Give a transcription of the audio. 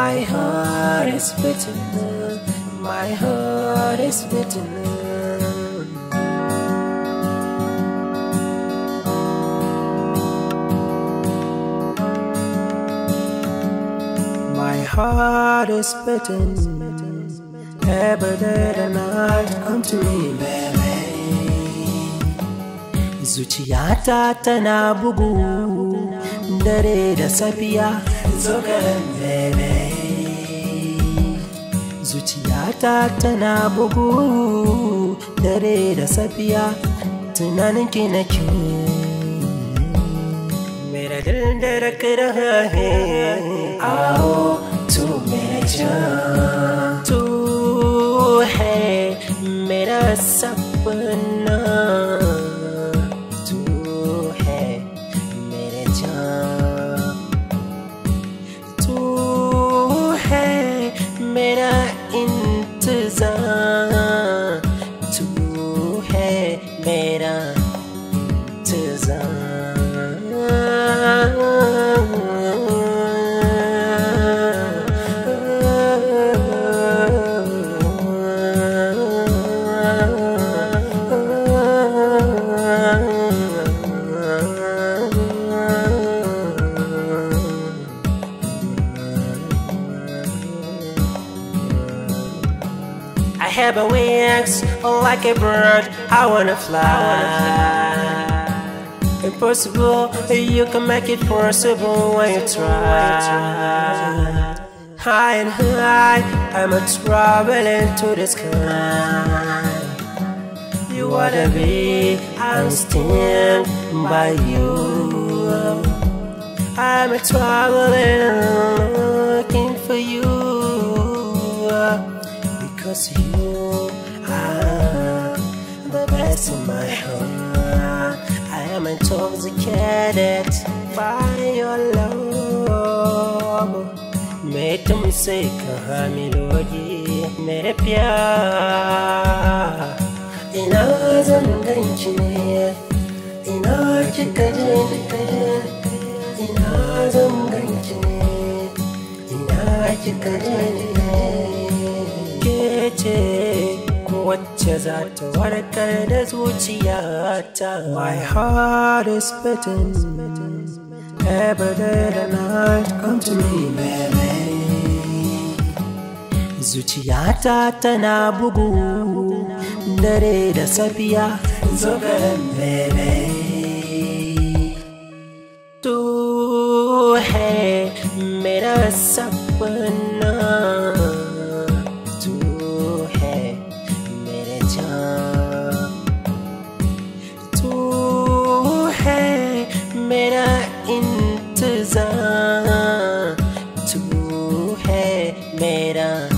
My heart is bitter. my heart is bitter. My heart is bitter. every day and night. Come to me, baby. Zuciyata tana bugu dare da safiya. Zo baby. zuciyata tana bugu dare da safiya tunanin kinaki mera dindara kira hahe aho tu mera jan tu he mera safiya I have a wings like a bird. I wanna fly. I wanna fly impossible. You can make it possible when you try. High and high, I'm a traveling to the sky. You wanna be, I'm standing by you. I'm a traveling looking for you because you. I'm intoxicated by your love मैं a कहाँ मिलोगी in प्यार ina zan in ne ina kika in kika ina zan in ne ina kika in ne ke ce wacce za ta warkar da zuciyata my heart is beating every day the night come to me baby zuciyata tana bugu dare da safiya zo baby मेरा